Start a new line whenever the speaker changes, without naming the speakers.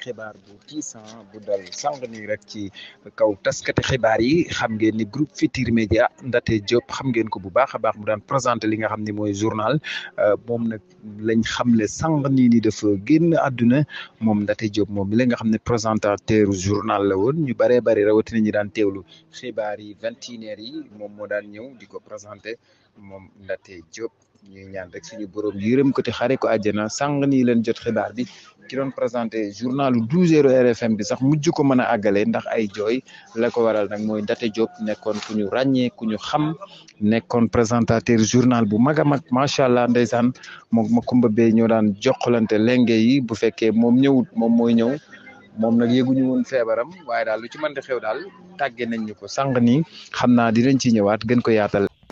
xibaar bu tiisan bu dal sàng nii rek ci kaw taskati xibaar yi xam ngeen ni groupe Futurs Médias Ndate Diop xam ngeen ko bu baax a baax mu daan présenté li nga xam ni mooy journal euh, moom nag lañ xam le nii ni dafa génn àdduna moom Ndate Diop moom mi la nga xam ne présentateur journal la woon ñu bare bëree bëri na ñu daan teewlu xibaar yi moom moo daan ñëw di présenté moom Ndaté Diop ñuy ñaan rek suñu borom yërëm ko te xare ko àjjana sàng nii leen jot xibaar bi ki doon présenté journalu 12h RFM bi sax mujj ko mën a àggale ndax ay jooy la ko waral nag mooy Ndaté Diop nekkoon ku ñu ràññee ñu xam nekkoon présentateur journal bu mag a mag macha allah ndeysaan moom Makumba be ñoo daan jokkalante lenge yi bu fekkee moom ñëwut moom mooy ñow moom nag yéguñu woon feebaram waaye daal lu ci mën di xew daal
tàggee nañ ñu ko sànq nii xam naa dinañ ci ñëwaat gën ko yaatal.